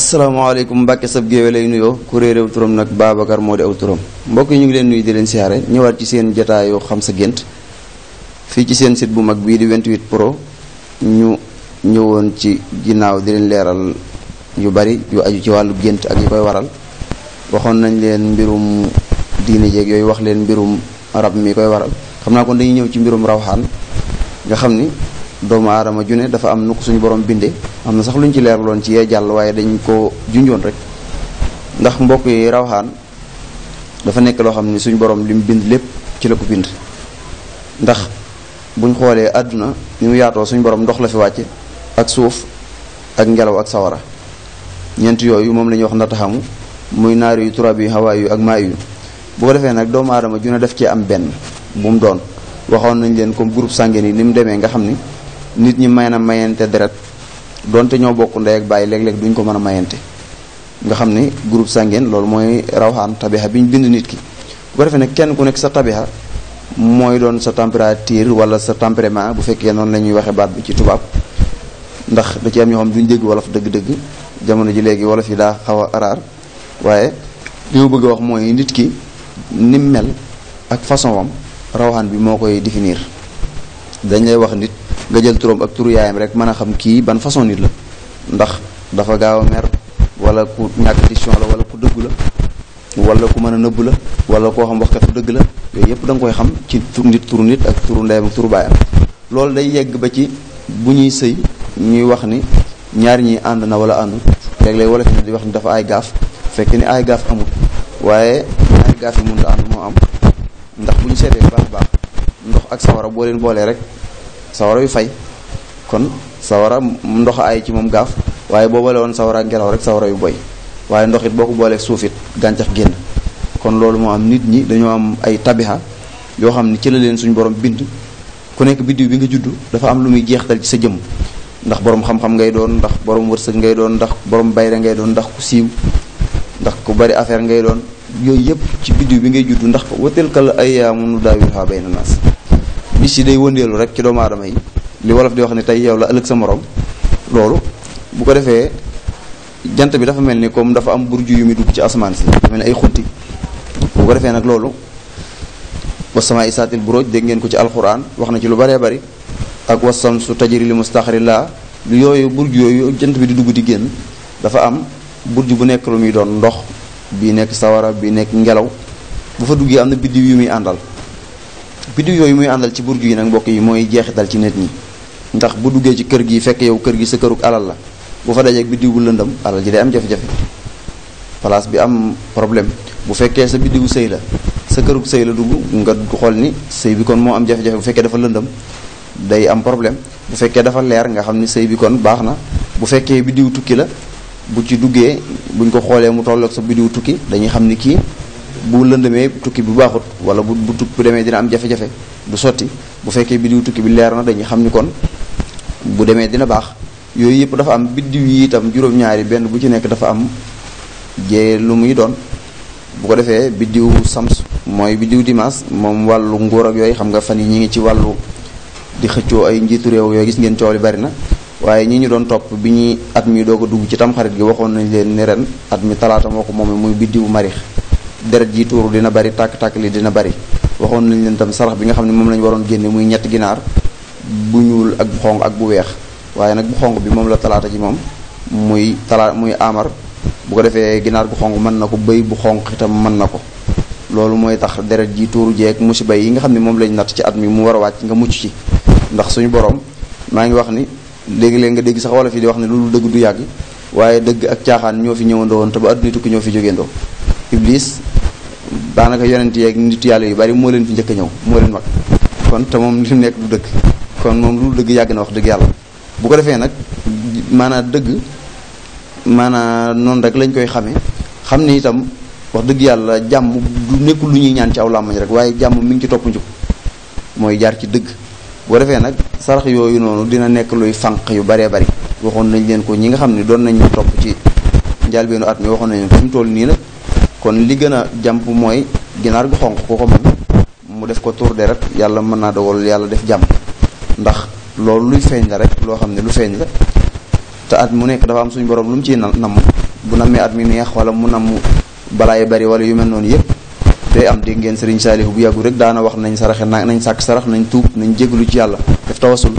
asalaamaaleykum Mbacke sab géewe lay nuyoo ku réer turam nag Babacar moo di aw turam mbokk yi ñu ngi leen nuyu di leen siyaare ñëwaat ci seen jataayu xam sa gént fii ci seen site bu mag bii di 28 pro ñu ñëwoon ci ginnaaw di leen leeral yu bari yu aju ci wàllu gént ak yi koy waral waxoon nañ leen mbirum diine jeeg yooyu wax leen mbirum rab mi koy waral xam naa kon dañuy ñëw ci mbirum rawxaan nga xam ni doomu aadama ju ne dafa am nu suñu borom bindee am na sax lu ñu ci leerloon ci yee jàll waaye dañ ko junjoon rek ndax mbokk yi rawxaan dafa nekk loo xam ne suñu borom li mu bind lépp ci la ko bind ndax buñ xoolee àdduna ni yaatoo suñu borom ndox la fi wàcce ak suuf ak ngelaw ak sawara ñeent yooyu moom la ñuy wax nataxamu muy naar yu turab yu hawaay yu ak maay yu bu ko defee nag doomu aadama ju ne def cee am benn bu mu doon waxoon nañ leen comme groupe sanguin yi ni mu demee nga xam ni nit ñi may na mayante deret donte ñoo bokk ndey ak bàyyi léeg-léeg duñ ko mën a mayante nga xam ni groupe sanguin loolu mooy rawxaan tabixa bi ñu bind nit ki bu ko defee nag kenn ku nekk sa tabixa mooy doon sa température wala sa tempérament bu fekkee noonu la ñuy waxee baat bi ci tubaab ndax da ci am ñoo xam duñ dégg wolof dëgg-dëgg jamono ji léegi wolof yi daa xaw a raar waaye li ma bëgg a wax mooy nit ki nim mel ak façon wam rawxaan bi moo koy définir dañ lay wax nit nga jël turam ak turu yaayam rek mën a xam kii ban façon nit la ndax dafa gaaw a mer wala ku ñàkk décision la wala ku dëggu la wala ku mën a nëbbu la wala koo xam waxkatu dëgg la yooyu yëpp danga koy xam ci tur nit turu nit ak turu ndeyam ak turu baayam loolu day yegg ba ci bu ñuy sëy ñuy wax ni ñaar ñi ànd na wala àndul léeg-léeg wala di wax ni dafa ay gaaf fekk ni ay gaaf amul waaye ñaari gaaf yi mënut a moo am ndax bu ñu seetee baax baax ndox ak sawara boo leen boolee rek sawara yu fay kon sawara ndox ay ci moom gaaf waaye boo boole woon sawara ngelaw rek sawara yu boy waaye ndox it boo ko boolee suuf it gàncax génn kon loolu moo am nit ñi dañoo am ay tabiha yoo xam ne ci la leen suñu borom bind ku nekk biddiw bi nga juddu dafa am lu muy jeextal ci sa jëmm ndax borom xam-xam ngay doon ndax borom wërsëg ngay doon ndax borom bayre ngay doon ndax ku siiw ndax ku bari affaire ngay doon yooyu yëpp ci biddiw bi ngay juddu ndax watil kal ayyaamu nu bis yi day wëndeelu rek ci doomu aadama yi li wolof di wax ne tey yow la ëllëg sa morom loolu bu ko defee jant bi dafa mel ni comme dafa am burju yu muy dugg ci asamaan si mel ni ay xunti ko defee nag loolu wasama isaatil buróoj dégg ngeen ko ci alxuraan wax na ci lu baree bari ak wasam su tajiri li mustaxari laa lu yooyu burju yooyu jant bi di dugg di génn dafa am burju bu nekk lu muy doon ndox bi nekk sawara bi nekk ngelaw bu fa duggee am na biddiw yu muy àndal biddiw yooyu muy àndal ci burju yi nag mbokk yi mooy jeexital ci nit ñi ndax bu duggee ci kër gi fekk yow kër gi sa këruk alal la bu fa dajeeg biddiw bu lëndam alal ji day am jafe-jafe place bi am problème bu fekkee sa biddiwu sëy la sa këruk sëy la dugg nga xool ni sëy bi kon moo am jafe-jafe bu fekkee dafa lëndëm day am problème bu fekkee dafa leer nga xam ni sëy bi kon baax na bu fekkee biddiw tukki la bu ci duggee buñ ko xoolee mu toll sa biddiw tukki dañuy xam bu lëndamee tukki bu baaxut wala bu bu tukki bu demee dina am jafe-jafe du sotti bu fekkee biddiw tukki bi leer na dañuy xam ni kon bu demee dina baax yooyu yëpp dafa am biddiw yi itam juróom-ñaari benn bu ci nekk dafa am lu muy doon bu ko defee biddiw sams mooy biddiw dimanche moom wàllu nguur ak yooyu xam nga fan yi ñi ngi ci wàllu di xëccoo ay njiitu réew yooyu gis ngeen coow li bari na waaye ñi ñu doon topp bi ñuy at mi doog a dugg ci tamxarit gi waxoon nañ leen ni ren at mi talaata moo ko moom muy biddiwu marix deret ji tuuru dina bari tàkk-tàkk li dina bari waxoon nañ leen tam sarax bi nga xam ne moom lañu waroon génne muy ñetti ginaar bu ñuul ak bu xonq ak bu weex waaye nag bu xonq bi moom la talaata ji moom muy talaat muy amar bu ko defee ginaar gu xonq mën na ko bëy bu xonq itam mën na ko loolu mooy tax deret ji tuuru jeeg musiba yi nga xam ne moom lañ natt ci at mi mu war a wàcc nga mucc ci ndax suñu borom maa ngi wax ni léegi-léeg nga dégg sax wala fii di wax ne loolu dëgg du yàgg waaye dëgg ak caaxaan ñoo fi ñëwandowoon te ba adduna tukki ñoo fi jógeendoo iblis daanaka yonent yeeg nit yàlla yu bari moo leen fi njëkk ñëw moo leen mag kon te moom li mu nekk du dëgg kon moom lu dëgg yàgg na wax dëgg yàlla bu ko defee nag maanaam dëgg maanaam noonu rek lañ koy xame xam ni itam wax dëgg yàlla jàmm du nekkul lu ñuy ñaan ci aw làmmañ rek waaye jàmm mi ngi ci topp njub mooy jaar ci dëgg boo defee nag sarax yooyu noonu dina nekk luy fànq yu baree bari waxoon nañ leen ko ñi nga xam ne doon nañ topp ci njàlbeenu at mi waxoon nañ leen ko fi toll nii nag kon li gën a jàmp mooy ginaar gu xonq ko ko mën mu def ko tuur deret yàlla mën naa dogal yàlla def jàmp ndax loolu luy feeñ la rek loo xam ne lu feeñ la te at mu nekk dafa am suñu borom lu mu ciy namm bu nammee at mi neex wala mu namm balaay bari wala yu mel noonu yépp day am dégg ngeen Serigne Saliou bu yàggu rek daana wax nañ saraxe na nañ sàkk sarax nañ tuub nañ jégalu ci yàlla def tawasul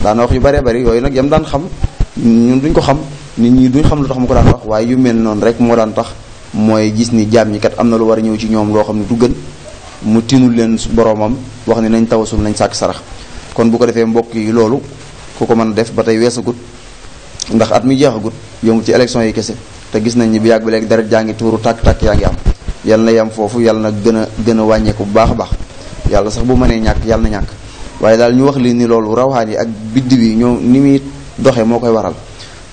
daana wax yu baree bari yooyu nag yam daan xam ñun duñ ko xam nit ñi duñ xam lu tax mu ko daan wax waaye yu mel noonu rek moo daan tax mooy gis ni jaam ñi kat am na lu war a ñëw ci ñoom loo xam ne du gën mu tinul leen boroomam wax ne nañ tawasul nañ sàkk sarax kon bu ko defee mbokk yi loolu ku ko mën a def ba tey weesagut ndax at mi jeexagut yomb ci élection yi kese te gis nañ ni bu yàgg ba léegi deret jaa ngi tuuru tàkk-tàkk yaa ngi am yàlla na yam foofu yàlla na gën a gën a wàññeeku bu baax a baax yàlla sax bu mënee ñàkk yàlla na ñàkk waaye daal ñu wax li ni loolu rawaan yi ak biddiw yi ñoo ni muy doxee moo koy waral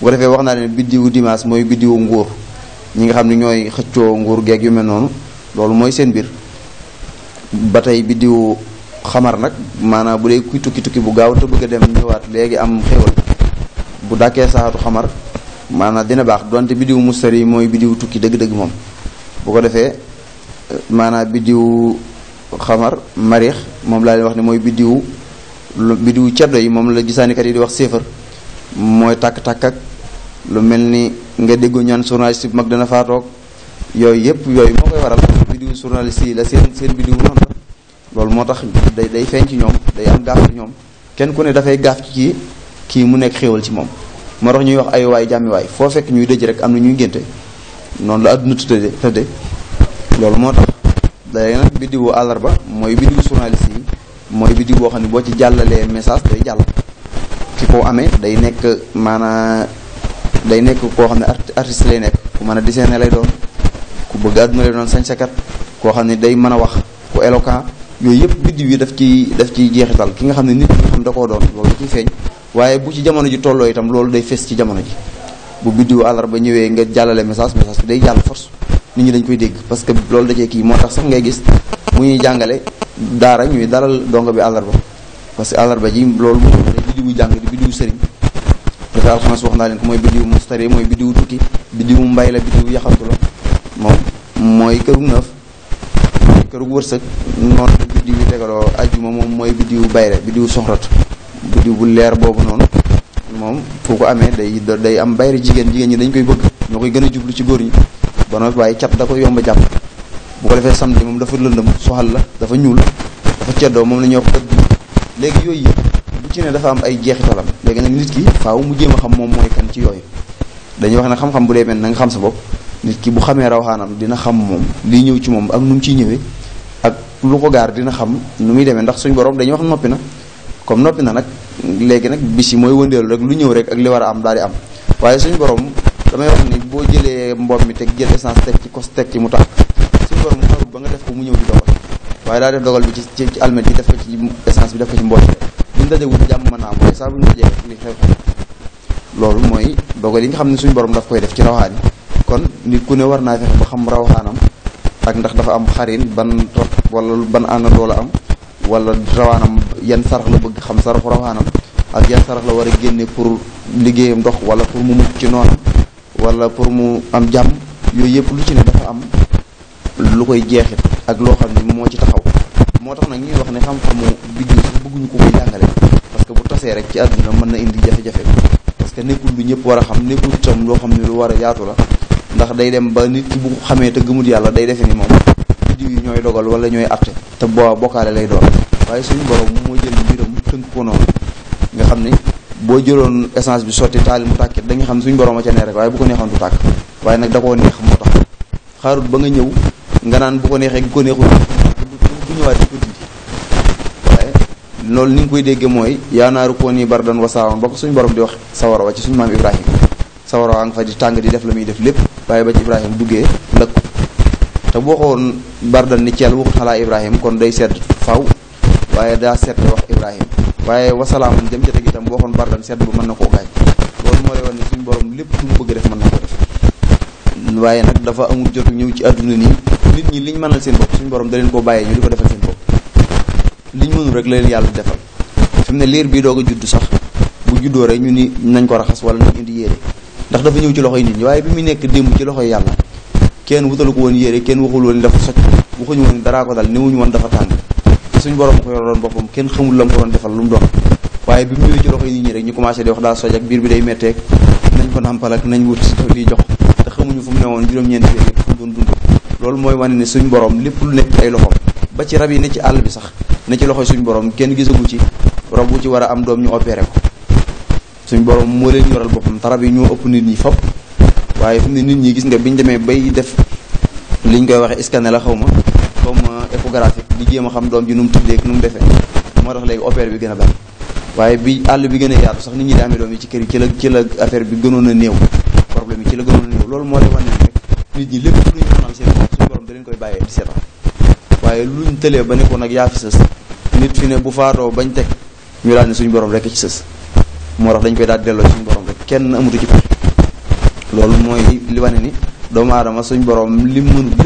bu defee wax naa leen biddiwu dimanche mooy biddiwu nguur ñi nga xam ne ñooy xëccoo nguur geeg yu mel noonu loolu mooy seen biir ba tey biddiwu xamar nag maanaam bu dee kuy tukki tukki bu gaaw te bëgg a dem ñëwaat léegi am xéwal bu dàkkee saxaatu xamar maanaa dina baax donte biddiwu mustari yi mooy biddiwu tukki dëgg-dëgg moom bu ko defee eh, maanaam biddiwu xamar marix moom laa leen wax ne mooy biddiwu biddiwu ceddo yi moom la gisaanikat yi di wax séefar mooy tàkk-tàkk ak lu mel ni nga déggu ñaan journaliste bu mag dana faa toog yooyu yëpp yooyu moo koy waral biddiwu journaliste yi la seen seen biddiwu noonu la loolu moo tax day day feeñ ci ñoom day am gaaf ñoom kenn ku ne dafay gaaf ci kii mu nekk xéewal ci moom moo ñuy wax ay waay foo fekk ñuy dëj rek am na ñuy ngénte noonu la adduna tëdde tëdde loolu moo tax léegi nag biddiwu àllarba mooy biddiwu journaliste yi mooy biddiw boo xam ne boo ci jàllalee message day jàll ki ko amee day nekk maanaa day nekk koo xam ne artiste lay nekk ku mën a dessiner lay doon ku bëgg àdduna lay doon sañsakat koo xam ne day mën a wax ku éloquent yooyu yëpp biddiw yi daf ci daf ciy jeexital ki nga xam ne nit ñi xam da koo doon loolu da ciy feeñ waaye bu ci jamono ji tolloo itam loolu day fees ci jamono ji bu biddiwu àllarba ñëwee nga jàllale message message bi day jàll force nit ñi dañ koy dégg parce que loolu da cee kii moo tax sax ngay gis mu ñuy jàngale daara ñuy dalal dongo bi àllarba parce que àllarba ji loolu moo day biddiwu jàng di biddiwu sëriñ misaal xamas wax naa leen ko mooy biddiwu mustari mooy biddiwu tukki biddiwu mbay la biddiwu yaxantu la moom mooy kërug nëf mooy kërug wërsëg noonu la biddiw yi tegaloo ajjuma moom mooy biddiwu bayre biddiwu soxrat biddiw bu leer boobu noonu moom foo ko amee day day am bayre jigéen jigéen ñi dañ koy bëgg ñoo koy gën a jublu ci góor ñi ba noppi waaye cat da ko yomb jàpp bu ko defee samedi moom dafa lëndëm soxal la dafa ñuul dafa ceddoo moom la ñuy wax léegi yooyu yëpp ci ne dafa am ay jeexitalam léegi nag nit ki faaw mu jéem a xam moom mooy kan ci yooyu dañuy wax ne xam-xam bu dee mel na nga xam sa bopp nit ki bu xamee rawaxaanam dina xam moom liy ñëw ci moom ak nu ciy ñëwee ak lu ko gaar dina xam nu muy demee ndax suñu borom dañuy wax noppi na comme noppi na nag léegi nag bis yi mooy wëndeelu rek lu ñëw rek ak li war a am daal di am waaye suñ borom damay wax ni boo jëlee mboom mi teg jël essence teg ci kos teg ci mu tax suñu borom xarut ba nga def ko mu ñëw di dogal waaye daa def dogal bi ci ci almet yi def ko ci essence bi def ko dajewul jàmm mën naa am waaye saa bu ñu dajee li xew xew loolu mooy dogal yi nga xam ne suñu borom daf koy def ci rawaxaan yi kon nit ku ne war naa fexe ba xam rawaxaanam ak ndax dafa am xarin ban tot wala ban àndandoo la am wala rawaanam yan sarax la bëgg xam saraxu rawaanam ak yan sarax la war a génne pour liggéeyam ndox wala pour mu mucc ci noonam wala pour mu am jàmm yooyu yëpp lu ci ne dafa am lu koy jeexit ak loo xam ne moo ci taxaw moo tax nag ñuy wax ne xam-xamu biddiw sax bëgguñu ko koy jàngale parce que bu tasee rek ci àdduna mën na indi jafe-jafe parce que nekkul lu ñëpp war a xam nekkul tam loo xam ne lu war a yaatu la ndax day dem ba nit bu xamee te gëmut yàlla day defee ni moom biddiw ñooy dogal wala ñooy atte te boo bokkaale lay doon waaye suñu borom moo jël mbiram tënk ko noonu nga xam ne boo jëloon essence bi sotti taali mu tàkkit da nga xam ne suñu borom a ca ne rek waaye bu ko neexoon du tàkk waaye nag da koo neex moo tax xaarut ba nga ñëw nga naan bu ko neexee bu ko neexul bu ñëwaat di ko dindi waaye loolu ni nga koy déggee mooy yaanaaru koo nii bardan wasaawan ba ko suñu borom di wax sawara wa ci suñu maam ibrahima sawara waa nga fa di tàng di def la muy def lépp waaye ba ci ibrahima duggee lëkku te boo ko woon bardan ni ceel waxut xalaa ibrahima kon day sedd faw waaye daa sedd wax ibrahima waaye wasalaaman dem ca teg itam boo xoon bardan sedd bu mën na koo gaañ loolu moo lay wan ne suñu borom lépp lu mu bëgg def mën na ko waaye nag dafa amul jot ñëw ci àdduna nii nit ñi li liñ mënal seen bopp suñu borom da leen koo bàyyee ñu di ko defal seen bopp liñ mënul rek la leen yàlla defal fi mu ne liir bii doog a judd sax bu juddoo rek ñu ni nañ ko raxas wala nañ indi yére ndax dafa ñëw ci loxoy nit ñi waaye bi mu nekk démb ci loxoy yàlla kenn wutalu ko woon yére kenn waxul woon dafa socc waxuñu woon dara ko dal newuñu woon dafa tàng te suñu borom ko yoroon boppam kenn xamul la ko doon defal lu mu doon waaye bi mu ñëwee ci ñi rek ñu commencé di wax daa soj ak biir bi day metteeg nañ ko nàmpal ak nañ wut lii jox xamuñu fu mu ne woon juróom-ñeenti weer fu doon dund loolu mooy wane ne suñ borom lépp lu nekk ay loxoom ba ci rab yi ne ci àll bi sax ne ci loxoy suñ borom kenn gisagu ci rab bu ci war am doom ñu opéré suñ borom moo leen yoral boppam yi ñoo ëpp nit ñi fop waaye fi mu ne nit ñi gis nga biñ demee bay def liñ koy waxee scanner la xaw ma comme échographique di jéem a xam doom ji nu mu tuddee ak nu mu defee moo tax léegi opéré bi gën a bari waaye bi àll bi gën a yaatu sax nit ñi di amee doom yi ci kër yi ci la ci la affaire bi gënoon a néew loolu moo lay wane rek nit ñi lépp lu ñu borom da leen koy bàyyee di seetaan waaye luñ tëlee ba nekkoon ko nag yaa fi sës nit fi ne bu faatoo bañ teg ñu daal ne suñu borom rek ci sës moo tax dañ koy daal delloo suñu borom kenn amatu ci pexe loolu mooy li wane ni doomu aadama suñu borom li mu mënul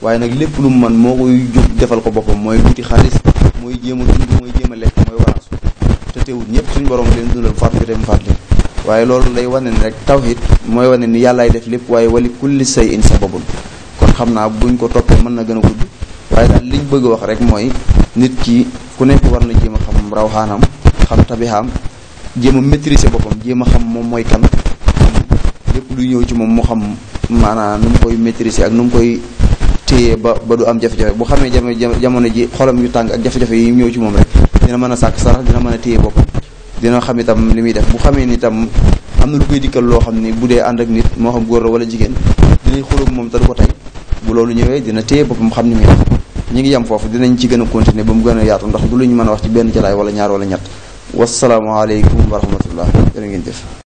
waaye nag lépp lu mu mën moo koy jóg defal ko boppam mooy wuti xaalis mooy jéem a mooy jéem a lekk mooy waraasu te teewut ñëpp suñu borom leen dundal faat jotee mu faat leen waaye loolu lay wane ni rek tawhid mooy wane ni yàllaay def lépp waaye wali kulli say in sababun kon xam naa buñ ko toppee mën na gën a gudd waaye daal liñ bëgg a wax rek mooy nit ki ku nekk war na jéem a xam raw rawxaanam xam tabixaam jéem a maîtriser boppam jéem a xam moom mooy kan lépp lu ñëw ci moom mu xam maanaam nu mu koy maîtriser ak nu mu koy téye ba ba du am jafe-jafe bu xamee jamono ji xolam yu tàng ak jafe-jafe yi ñëw ci moom rek dina mën a sàkk sarax dina mën a téye boppam dina xam itam li muy def bu xamee ni itam am na lu koy dikkal loo xam ni bu dee ànd ak nit moo xam góor la wala jigéen dinañ xulóog moom te du ko tey bu loolu ñëwee dina téye boppam xam ni muy def ñu ngi yem foofu dinañ ci gën a continuer ba mu gën a yaatu ndax du lu ñu mën a wax ci benn jalaay wala ñaar wala ñett wasalaamaaleykum wa rahmatullah jërë ngeen jëf